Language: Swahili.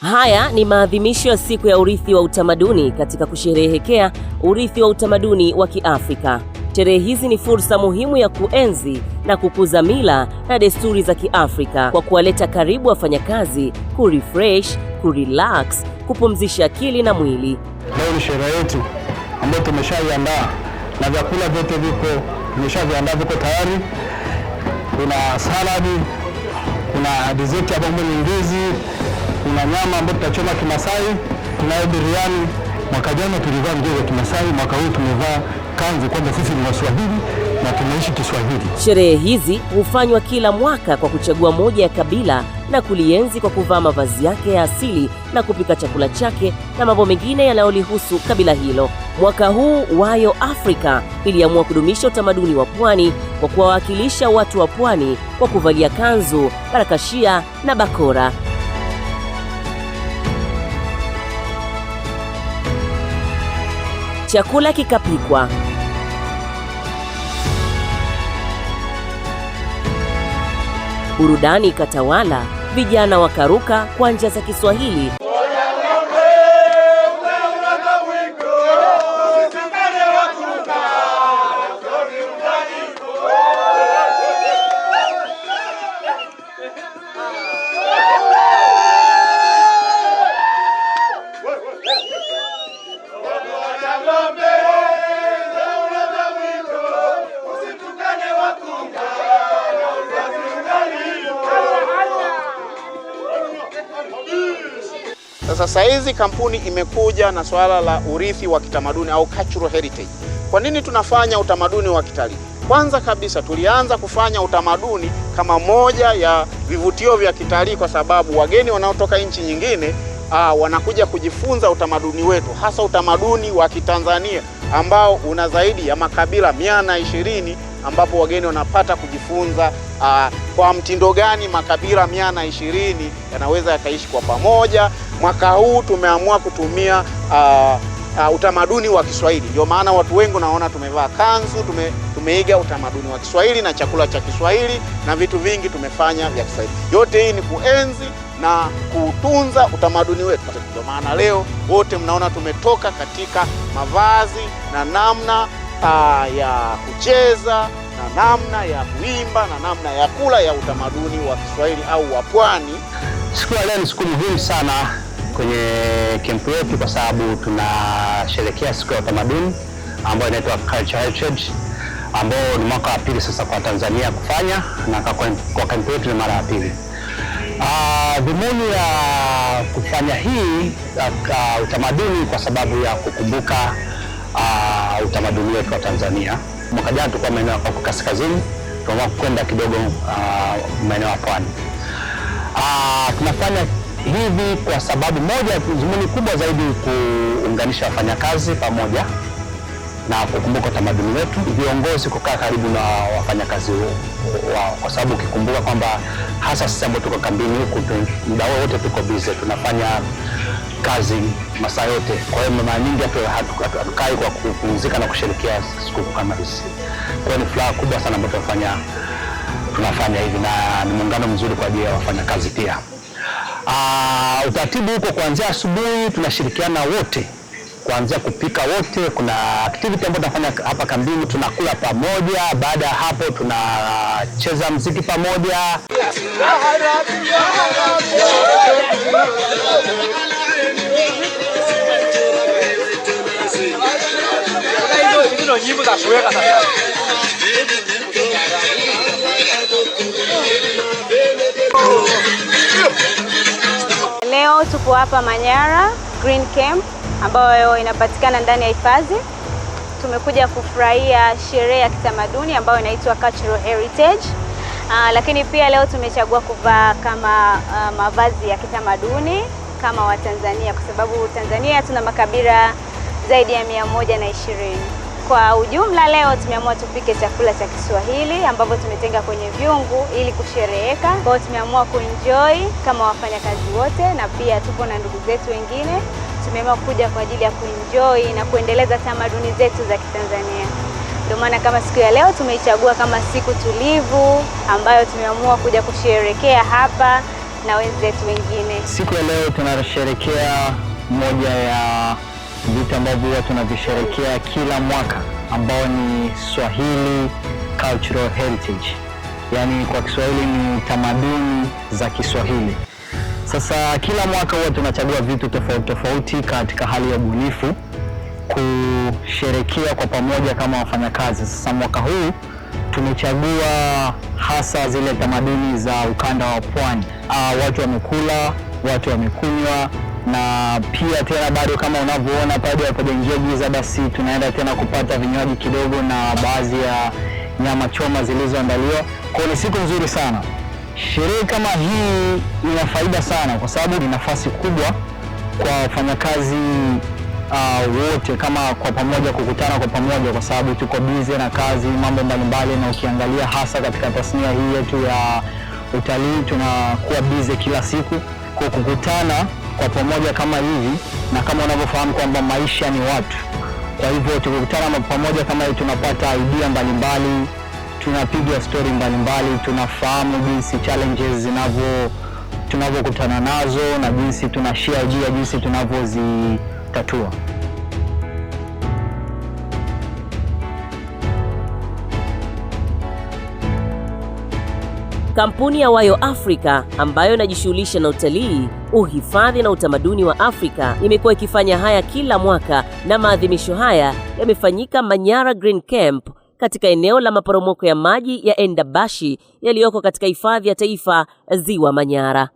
Haya ni maadhimisho ya siku ya urithi wa utamaduni katika kusherehekea urithi wa utamaduni wa Kiafrika. Sherehe hizi ni fursa muhimu ya kuenzi na kukuza mila na desturi za Kiafrika kwa kuwaleta karibu wafanyakazi, kurefresh, kurelax, kupumzisha akili na mwili. Leo ni sherehe yetu ambayo tumeshaiandaa na vyakula vyote viko vimeshaviandaa, viko tayari. Kuna saladi, kuna dessert ambayo ni ndizi kuna nyama ambayo tutachoma kimasai, tunayo biriani. Mwaka jana tulivaa nguo za kimasai, mwaka huu tumevaa kanzu, kwamba sisi ni Waswahili na tunaishi Kiswahili. Sherehe hizi hufanywa kila mwaka kwa kuchagua moja ya kabila na kulienzi kwa kuvaa mavazi yake ya asili na kupika chakula chake na mambo mengine yanayolihusu kabila hilo. Mwaka huu Wayo Africa iliamua kudumisha utamaduni wa pwani kwa kuwawakilisha watu wa pwani kwa kuvalia kanzu, barakashia na bakora. chakula kikapikwa. Burudani ikatawala, vijana wakaruka kwa njia za Kiswahili sasa hizi kampuni imekuja na swala la urithi wa kitamaduni au cultural heritage. Kwa nini tunafanya utamaduni wa kitalii? Kwanza kabisa tulianza kufanya utamaduni kama moja ya vivutio vya kitalii kwa sababu wageni wanaotoka nchi nyingine aa, wanakuja kujifunza utamaduni wetu, hasa utamaduni wa Kitanzania ambao una zaidi ya makabila mia na ishirini ambapo wageni wanapata kujifunza aa, kwa mtindo gani makabila mia na ishirini yanaweza yakaishi kwa pamoja. Mwaka huu tumeamua kutumia uh, Uh, utamaduni wa Kiswahili. Ndio maana watu wengi unaona tumevaa kanzu tume, tumeiga utamaduni wa Kiswahili na chakula cha Kiswahili na vitu vingi tumefanya vya Kiswahili. Yote hii ni kuenzi na kuutunza utamaduni wetu. Ndio maana leo wote mnaona tumetoka katika mavazi na namna uh, ya kucheza na namna ya kuimba na namna ya kula ya utamaduni wa Kiswahili au wa pwani. Siku ya leo ni siku muhimu sana kwenye kempu yetu kwa sababu tunasherekea siku ya utamaduni ambayo inaitwa Culture Heritage ambao ni mwaka wa pili sasa kwa Tanzania kufanya na kwa kempu yetu ni mara ya pili. Uh, dhumuni ya kufanya hii uh, utamaduni kwa sababu ya kukumbuka uh, utamaduni wetu wa Tanzania. Mwaka jana tulikuwa maeneo ya kaskazini, tunaamua kwenda kidogo uh, maeneo ya pwani. Uh, tunafanya hivi kwa sababu moja ya dhumuni kubwa zaidi kuunganisha wafanyakazi pamoja na kukumbuka utamaduni wetu, viongozi kukaa karibu na wafanyakazi wao, kwa sababu ukikumbuka kwamba hasa sisi ambao tuko kambini huku muda wote tuko bize, tunafanya kazi masaa yote. Kwa hiyo mara nyingi hatukai kwa kupumzika na kusherekea sikukuu kama hizi. Kwa hiyo ni furaha kubwa sana ambayo tunafanya tunafanya hivi, na ni muungano mzuri kwa ajili ya wafanyakazi pia. Uh, utaratibu huko kuanzia asubuhi tunashirikiana wote, kuanzia kupika wote. Kuna activity ambayo tunafanya hapa kambini, tunakula pamoja. Baada ya hapo, tunacheza mziki pamoja leo tupo hapa Manyara Green Camp ambayo inapatikana ndani ya hifadhi. Tumekuja kufurahia sherehe ya kitamaduni ambayo inaitwa Cultural Heritage. Uh, lakini pia leo tumechagua kuvaa kama uh, mavazi ya kitamaduni kama Watanzania kwa sababu Tanzania tuna makabila zaidi ya mia moja na ishirini. Kwa ujumla leo tumeamua tupike chakula cha Kiswahili ambapo tumetenga kwenye vyungu ili kushereheka. Kwa hiyo tumeamua kuenjoy kama wafanyakazi wote, na pia tupo na ndugu zetu wengine, tumeamua kuja kwa ajili ya kuenjoy na kuendeleza tamaduni zetu za Kitanzania. Ndio maana kama siku ya leo tumeichagua kama siku tulivu ambayo tumeamua kuja kusherekea hapa na wenzetu wengine. Siku ya leo tunasherehekea moja ya vitu ambavyo huwa tunavisherekea kila mwaka ambao ni Swahili Cultural Heritage, yaani kwa Kiswahili ni tamaduni za Kiswahili. Sasa kila mwaka huwa tunachagua vitu tofauti tofauti katika hali ya ubunifu kusherekea kwa pamoja kama wafanyakazi. Sasa mwaka huu tumechagua hasa zile tamaduni za ukanda wa pwani. Ah, watu wamekula, watu wamekunywa na pia tena bado kama unavyoona pale yapojaingia giza, basi tunaenda tena kupata vinywaji kidogo na baadhi ya nyama choma zilizoandaliwa. Kwa ni siku nzuri sana. Sherehe kama hii ina faida sana, kwa sababu ni nafasi kubwa kwa wafanyakazi uh, wote kama kwa pamoja kukutana kwa pamoja, kwa sababu tuko bize na kazi, mambo mbalimbali, na ukiangalia hasa katika tasnia hii yetu ya utalii tunakuwa bize kila siku kwa kukutana kwa pamoja kama hivi, na kama unavyofahamu kwamba maisha ni watu. Kwa hivyo tukikutana pamoja kama hivi, tunapata idea mbalimbali, tunapiga stori mbalimbali, tunafahamu jinsi challenges zinavyo tunavyokutana nazo na jinsi tunashia juu ya jinsi tunavyozitatua. Kampuni ya Wayo Africa ambayo inajishughulisha na utalii, uhifadhi na utamaduni wa Afrika imekuwa ikifanya haya kila mwaka na maadhimisho haya yamefanyika Manyara Green Camp katika eneo la maporomoko ya maji ya Endabashi yaliyoko katika hifadhi ya taifa Ziwa Manyara.